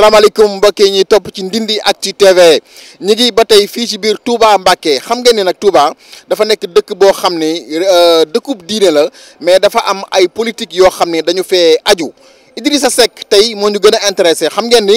salaamaaleykum mbokk yi ñuy topp ci ak ci TV ñu ngi ba tey fii ci biir Touba Mbacké xam ngeen ne nag Touba dafa nekk dëkk boo xam ni euh, dëkkub diine la mais dafa am ay politique yoo xam ne dañu fee aju Idrissa Seck tey moo ñu gën a intéressé xam ngeen ni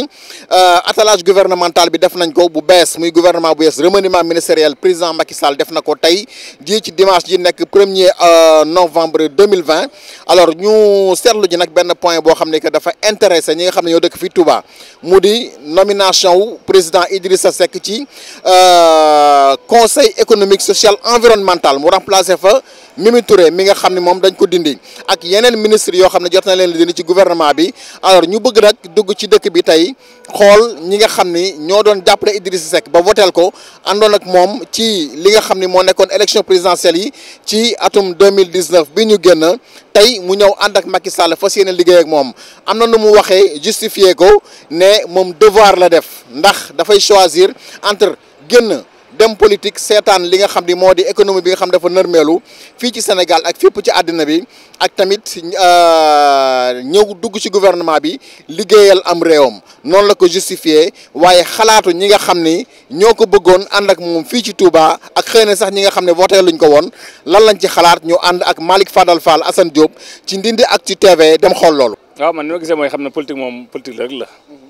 euh, attelage gouvernemental bi def nañ ko bu bees muy gouvernement bu bees remaniement ministériel président Macky Sall def na ko tey jii ci dimanche ji nekk premier euh, novembre 2020 alors ñu seetlu ji nag benn point boo xam ne que dafa intéressé ñi nga xam ne ñoo dëkk fii Touba mu di nomination wu président a Seck ci euh, conseil économique social environnemental mu remplacé fa Mimi Touré mi nga xam ne moom dañ ko dindi ak yeneen ministre yoo xam ne jot na leen dindi ci gouvernement bi alors ñu bëgg nag dugg ci dëkk bi tey xool ñi nga xam ni ñoo doon jàppale Idrissa Seck ba voteel ko àndoon ak moom ci li nga xam ni moo nekkoon élection présidentielle yi ci atum 2019 bi ñu génn tey mu ñëw ànd ak Macky Sall fas yéene liggéey ak moom am na nu mu waxee justifié ko ne moom devoir la def ndax dafay choisir entre génn dem politique seetaan li nga xam ni moo di économie bi nga xam dafa nërmeelu fii ci senegal ak fépp ci àddina bi ak tamit euh, ñëw dugg ci gouvernement bi liggéeyal am réewam noonu la ko justifié waaye xalaatu ñi nga xam ni ñoo ko bëggoon ànd ak moom fii ci Touba ak xëy na sax ñi nga xam ne voté luñ ko woon lan lañ ci xalaat ñu ànd ak Malick Fadal Fall Assane Diop ci ak ci TV dem xool loolu. waaw man ni ma gisee mooy xam ne politique moom politique rek la mm-hmm.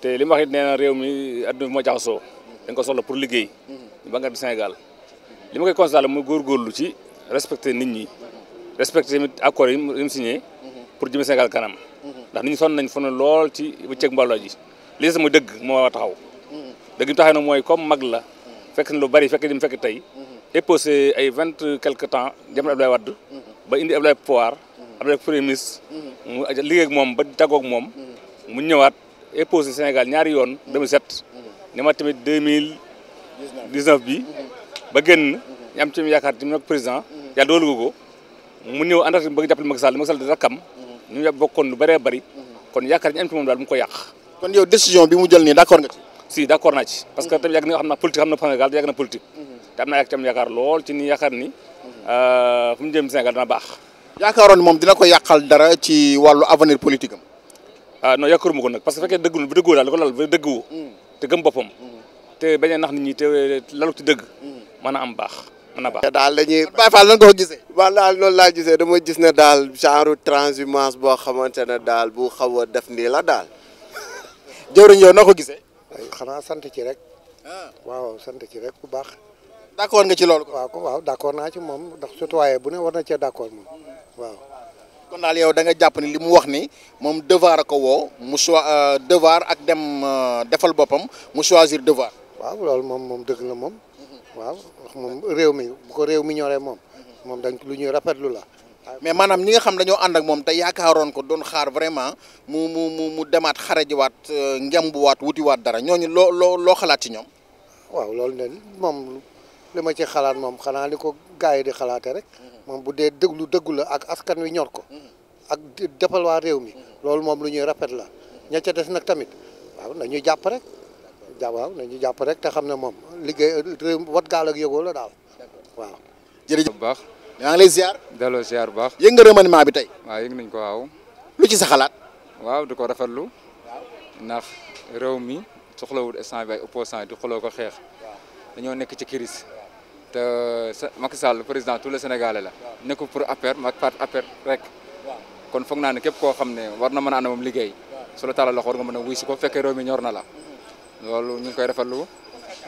te li ma wax réew mi àdduna bi moo dañ ko solo pour liggéey ñu Banque du Sénégal li ma koy constaté muy góorgóorlu ci respecté nit ñi respecté tamit accords yi mu signé pour jëme Sénégal kanam ndax nit ñi sonn nañ fa ne lool ci bëccëg mbaloo ji li des dëgg moo war a taxaw dëgg ñu taxaw nag mooy comme mag la fekk na lu bari fekk di mu fekk tey épousé ay vingt quelque temps jamono Abdoulaye Wade ba indi Abdoulaye pouvoir Abdoulaye premier ministre mu liggéey moom ba tàggoog moom mu ñëwaat épousé Sénégal ñaari yoon 2007 ni ma tamit deux mille dix neuf bi ba génn ñu am ci yaakaar ci nag président mhm. yàlla doolu ko ko mu ñëw ànd ak bëgg jàppale Macky Sall Macky Sall di mhm. lu bëree bëri mhm. kon yaakaar ñu am ci moom daal mu ko yàq kon yow décision bi mu jël nii d'accord nga ci si d'accord naa ci parce que tamit yàgg na xam naa politique xam na Sénégal yàgg na politique te am naa yàgg yaakaar lool ci ni yaakaar ni euh, fu mu jëm Sénégal dana baax yaakaaroon moom dina ko yàqal dara ci wàllu avenir politique am ah non yaakaaruma que fekkee dëggul te gëm boppam te bañ nax nit ñi te lalu ci dëgg mën a am baax mën a baax daal dañuy Baye Fall lan nga ko gisee waaw daal loolu laa gisee dama gis ne daal genre transhumance boo xamante ne daal bu xaw def nii la daal jëwriñ yow noo ko gisee xanaa sant ci rek ah. waaw sant ci rek bu baax d'accord nga ci lool waaw d'accord naa ci moom ndax citoyen bu ne war na d'accord moom mm. waaw kon daal yow da nga jàpp ni li mu wax ni moom devoir a ko woo mu choi euh, devoir ak dem euh, defal boppam mu choisir devoir. waaw loolu moom moom dëgg na moom. waaw moom réew mi bu ko réew mi ñoree moom. moom dañ lu ñuy rafetlu la. mais maanaam ñi nga xam dañoo ànd ak moom te yaakaaroon ko doon xaar vraiment mu mu mu mu demaat xarajiwaat euh, ngembuwaat wutiwaat dara ñooñu loo loo loo xalaat ci ñoom. waaw loolu ne moom li ma ci xalaat moom xanaa li ko gars di xalaatee rek. moom bu dee dëgg lu dëggu la ak askan wi ñor ko ak defal waa réew mi loolu moom lu ñuy rafet la ña ca des nag tamit waaw nañu jàpp rek waaw nañu jàpp rek te xam ne moom liggéey réew wat gaal ak yëgoo la daal waaw jërëjëf bu baax maa ngi lay ziar delloo bu baax yëg nga remaniement bi tey waaw yëg nañ ko waaw lu ci sa xalaat waaw di ko lu ndax réew mi soxlawul instant bi ay opposant di xuloo ko xeex dañoo nekk ci crise te Macky Sall président tous les Sénégalais la. nekkul pour APR ak part APR rek. kon foog naa ne képp koo xam ne war na mën a ànd moom liggéey. su la tàllal loxo war nga mën a wuy si ko fekkee réew mi ñor na mm-hmm. loolu ñu ngi koy rafetlu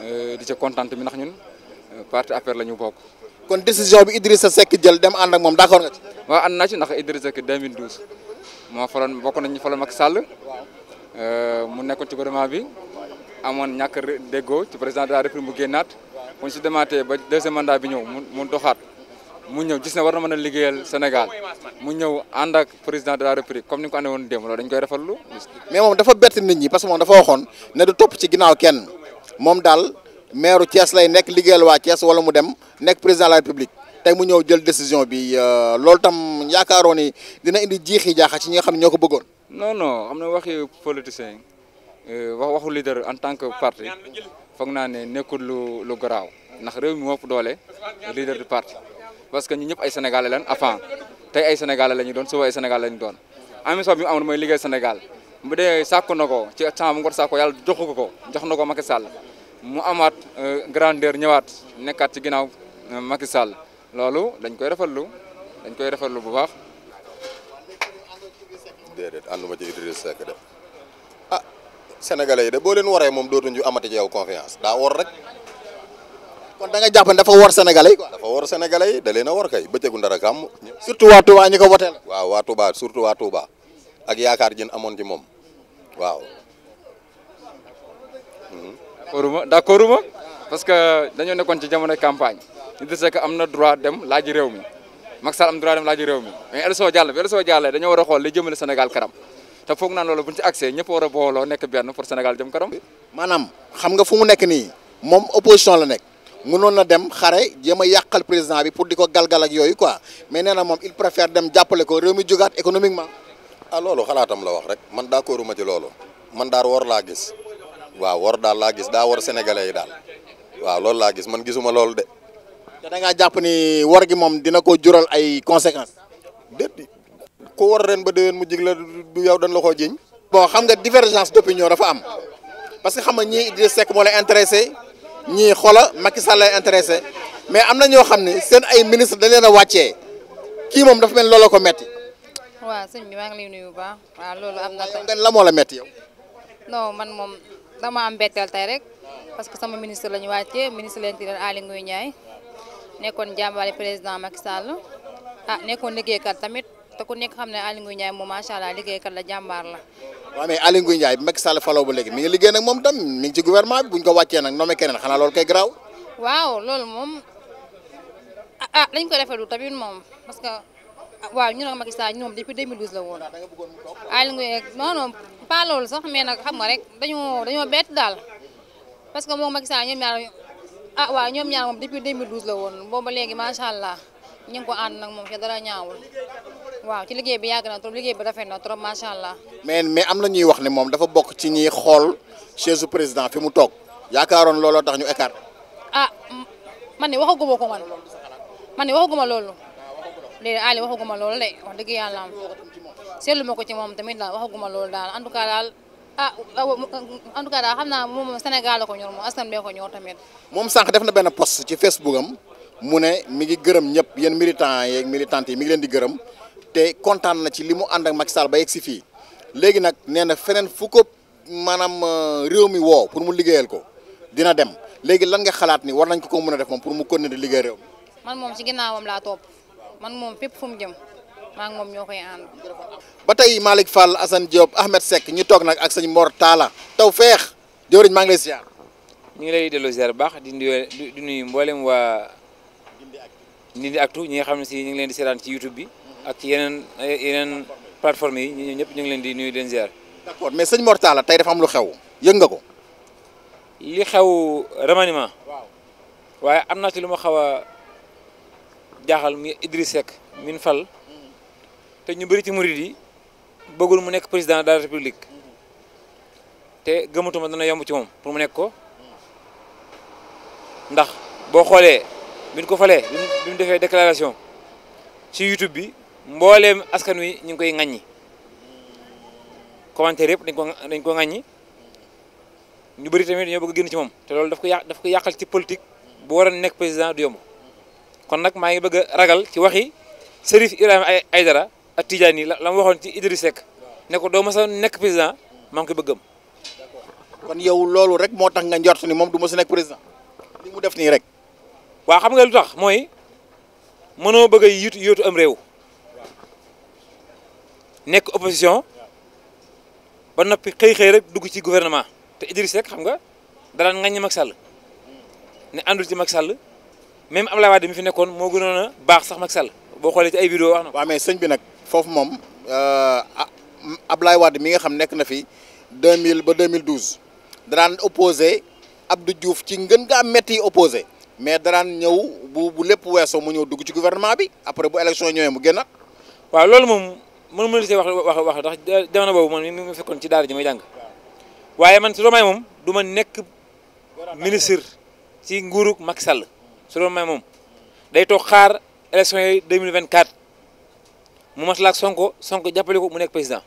euh, di ca kontaan mi ndax ñun euh, parti APR la ñu bokk. kon décision bi Idrissa Seck jël dem ànd ak moom d'accord nga ci. waaw ànd naa ci ndax Idrissa Seck 2012 moo faloon bokk nañ ñu faloon euh, mu nekkoon ci gouvernement bi amoon ñàkk déggoo ci président de la république buñ si demaatee ba deuxième bi ñëw mu mu doxaat mu ñëw gis ne war na mën a liggéeyal Sénégal mu ñëw ànd ak président de la république comme ni ko andee woon démb dañ koy rafetlu. mais moom dafa bett nit ñi parce que moom dafa waxoon ne du topp ci ginnaaw kenn moom daal maire Thiès lay nekk liggéeyal waa cees wala mu dem nekk président de la république. tey mu ñëw jël décision bi euh, loolu tam yaakaaroon ni dina indi jiixi jaaxa ci ñi nga xam ne ñoo ko bëggoon. non non xam na waxi politicien euh, wax waxu leader en tant que parti foog naa ne nekkul lu lu garaaw ndax réew mi moo doole leader du parti parce que ñu ñëpp ay sénégalais lañ avant tey ay sénégalais la ñu doon suba ay sénégalais la ñu doon ambition bi mu amoon mooy liggéey Sénégal bu dee sàkku na ko ci temps bu ngor sàkku yàlla joxu ko ko jox na ko Macky Sall mu amaat euh, grandeur ñëwaat nekkaat ci ginnaaw euh, Macky Sall loolu dañ koy lu dañ koy rafetlu bu baax. déedéet ànduma sénégalais yi de boo leen waree moom dootuñu amati ci yow confiance daa war rek. kon daga nga jàpp ne dafa war sénégalais yi dafa war sénégalais yi da leen a war kay ba bëccëgu ndara kàmm. surtout waa Touba ñu ko woteel. waaw waa Touba surtout waa Touba ak yaakaar jën amoon ci moom waaw. Mhm. d'accorduma d'accorduma parce que dañoo nekkoon ci jamono campagne ñu dese que am na droit dem laaji réew mi Macky Sall am droit dem laaji réew mi mais Elzo Diallo bi Elzo Diallo dañoo war a xool li jëmale Sénégal kanam. te foog naa loolu bu ñu ci accès ñëpp a booloo nekk benn pour Sénégal jëm kanam. maanaam xam nga fu mu nekk nii moom opposition la nekk mënoon na dem xare jéem a yàqal président bi pour di ko galgal ak yooyu quoi mais nee na moom il préfère dem jàppale ko réew mi jógaat économiquement. ah loolu xalaatam la wax rek man daa kooruma ci loolu man daal war laa gis waaw war daal laa gis daa war sénégalais yi daal waaw loolu laa gis man gisuma loolu de. te da jàpp ni war gi moom dina ko jural ay conséquences. déet ku war ren ba déwén mu jig la du yow dañ la koo jiñ bon xam nga divergence d'opinion dafa am parce que xam nga ñii Idrissa Seck moo lay intéressé ñii xola Macky Sall intéressé mais am na ñoo xam ne seen ay ministre da a wàccee kii moom dafa mel lool ko metti waa sëñ bi maa ngi lay nuyu bu baax waaw am na tamit la moo la metti man moom dama am mbetteel tey rek parce que sama ministre la ñu wàccee ministre de l'intérieur Aly Ngouille Ndiaye nekkoon jàmbaale président Macky Sall ah nekkoon liggéeykat tamit te ku nekk xam ne Aly Ngouille Ndiaye moom macha allah liggéeykat la jàmbaar la. waaw mais Aly Ngouille Ndiaye bi Macky léegi mi ngi liggéey nag moom tam mi ngi ko wàccee nag nommé keneen xanaa loolu kay garaaw. waaw moom ah, ah, dañ ko rafetlu tamit moom parce que ah, waaw ñu ne Macky ñoom depuis 2012 la woon. Aly Ngouille sax mais nag xam nga rek dañoo dañoo bett daal parce que moom Macky Sall ñoom ñaar waaw ñoom ñaar moom depuis 2012 la woon booba léegi macha allah. ñu ngi ko ànd nag moom ci dara ñaawul waaw ci liggéey bi yàgg na trop liggéey bi rafet na trop macha allah. mais mais am na ñuy wax ne moom dafa bokk ci ñiy xool chaise président fi mu toog yaakaaroon looloo tax ñu écart. ah man ne waxaguma ko man man ne waxaguma loolu léegi Ali waxaguma loolu de wax dëgg yàlla am seetlu ma ko ci moom tamit daal waxaguma loolu daal en tout cas daal. ah en tout cas daal xam naa moom Sénégal la ko ñor moom askan bee ko tamit. moom sànq def na benn post ci Facebook am mu ne mi ngi gërëm ñëpp yéen militants yeeg militantes yi mi ngi leen di gërëm te kontaan na ci li mu ànd ak Macky Sall ba yegg si fii léegi nag nee na feneen fu ko maanaam euh, réew mi woo pour mu liggéeyal ko dina dem léegi lan nga xalaat ni war nañ ko ko mën a def moom pour mu continuer di liggéey réew man moom ci ginnaawam laa topp man moom fépp fu mu jëm maa moom ñoo koy ànd. ba tey Malick Fall assan Diop Ahmed Seck ñi toog nag ak sëñ Mor Talla Tawfekh jëwriñ maa ngi lay ngi lay delloo ziar baax di nuyu di nuyu mboolem waa nit di actu ñi nga xam ne si ñu ngi leen di seetaan ci YouTube bi ak ci yeneen yeneen yi ñu ñëpp ñu ngi leen di nuy leen ziar. d'accord mais sëñ Mor Talla tey dafa am lu xew yëg nga ko. li xew remaniement. waaye am na ci lu ma xaw a jaaxal muy Idriss Seck min fal te ñu bëri ci murid yi bëggul mu nekk président de la république te gëmatuma dana yomb ci moom pour mu nekk ko ndax boo xoolee. bi ko falee bi mu defee déclaration ci YouTube bi mbooleem askan wi ñu ngi koy ŋaññi commentaire yëpp dañ ko dañ ko ŋaññi ñu bëri tamit dañoo bëgg génn ci moom te loolu daf ko yàq daf ko yàqal ci politique bu nekk président du yomb kon nag maa ngi bëgg ragal ci waxi Serif Ibrahima Aïdara ak Tidiane yi la la waxoon ci Idriss Seck ne doo ma sa nekk président maa ngi koy bëggam. kon yow loolu rek moo tax nga njort ni moom du ma sa nekk président li mu def nii rek. waa xam nga lu tax mooy mënoo bëgg a yóotu yóotu am réew nekk opposition ba noppi xëy xëy rek dugg ci gouvernement te Idriss rek xam nga daraan ngañ Macky Sall ne àndul ci Macky Sall même Abdoulaye Wade mi fi nekkoon moo gënoon a baax sax Macky Sall boo xoolee ci ay vidéo wax na waaw mais sëñ bi nag foofu moom euh, ah, Abdoulaye Wade mi nga xam nekk na fi 2000 ba 2012 danaan opposé Abdou juuf ci ngën ngaa metti opposé mais daraan ñëw bu bu lépp weesoo mu ñëw dugg ci gouvernement bi après bu élection ñëwee mu génn. waaw loolu moom man ma la wax wax wax ndax jamono boobu man mi ma fekkoon ci daara ji may jàng waaye man su doon moom du ma nekk ministre ci nguurug Macky Sall su doon may moom day toog xaar élection yooyu 2024 mu maslaa ak Sonko Sonko jàppale ko mu nekk président.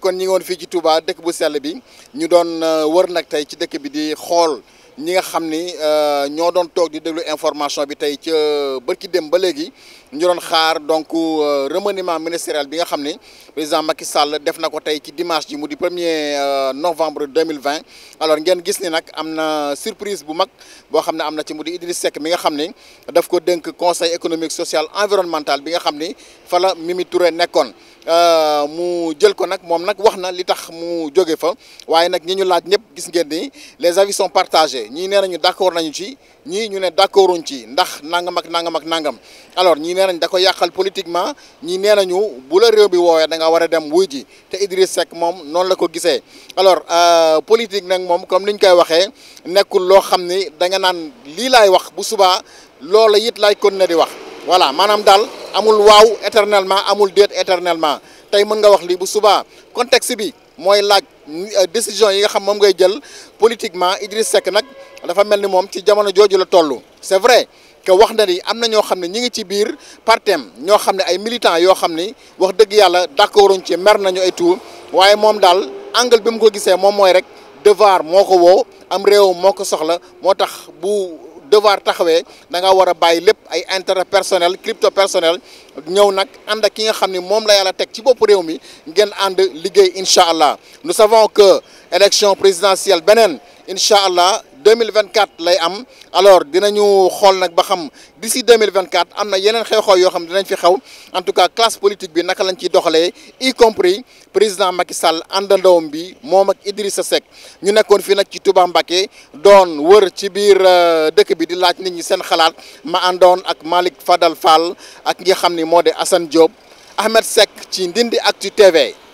kon ñi ngi woon fii ci Touba dëkk bu sell bi ñu doon euh, wër nag tey ci dëkk bi di xool. ñi nga xam ni euh, ñoo doon toog di déglu information bi tey ca bërki dem ba léegi ñu doon xaar donc euh, remaniement ministériel bi nga xam ni président Macky Sall def na ko tey ci dimanche ji mu di premier euh, novembre deux mille vingt alors ngeen gis ni nag am na surprise bu mag boo xam ne am na ci mu di Idriss Seck mi nga xam ni daf ko dénk conseil économique social environnementale bi nga xam ni fa la Mimi Touré nekkoon. Euh, mu jël ko nag moom nag wax na li tax mu jóge fa waaye nag ñi ñu laaj ñëpp gis ngeen ni les avis sont partagés ñii nee nañu d'accord nañu ci ñii ñu ne d'accorduñ ci ndax nangam ak nangam ak nangam alors ñii nee nañ da ko yàqal politiquement ñii nee nañu bu la réew bi woowee danga nga war a dem wuy ji te Idriss Seck moom noonu la ko gisee alors euh, politique nag moom comme ni ñu koy waxee nekkul loo xam ni da nga naan lii laay wax bu subaa loola it lay kon ne di wax voilà maanaam daal amul waaw éternellement amul déet éternellement tey mën nga wax lii bu subaa contexte bi mooy laaj euh, décision yi nga xam moom ngay jël politiquement Idriss Seck nag dafa mel ni moom ci jamono jooju la toll c'est vrai que wax na ni am na ñoo xam ne ñi ngi ci biir partem ñoo xam ne ay militants yoo xam ni wax dëgg yàlla d'accorduñ ci mer nañu ay tout waaye moom daal angle bi mu ko gisee moom mooy rek devoir moo ko woo am réew moo ko soxla moo tax bu devoir taxawee da nga war a bàyyi lépp ay intérêt personnel crypto personnel ñëw nag ànd ak ki nga xam ni moom la yàlla teg ci boppu réew mi ngeen ànd liggéey incha allah nous savons que élection présidentielle beneen incha allah. 2024 lay am alors ñu xool nag ba xam d'ici 2024 am na yeneen xew-xew yoo xam dinañ fi xew en tout cas classe politique bi naka lañ ciy doxalee y compris président Macky Sall àndandoom bi moom ak Idrissa Seck ñu nekkoon fii nag ci Touba Mbacké doon wër ci biir euh, dëkk bi di laaj nit ñi seen xalaat ma àndoon ak Malick Fadal Fall ak nga xam ni moo de Assane Diop Ahmed Seck ci ak ci TV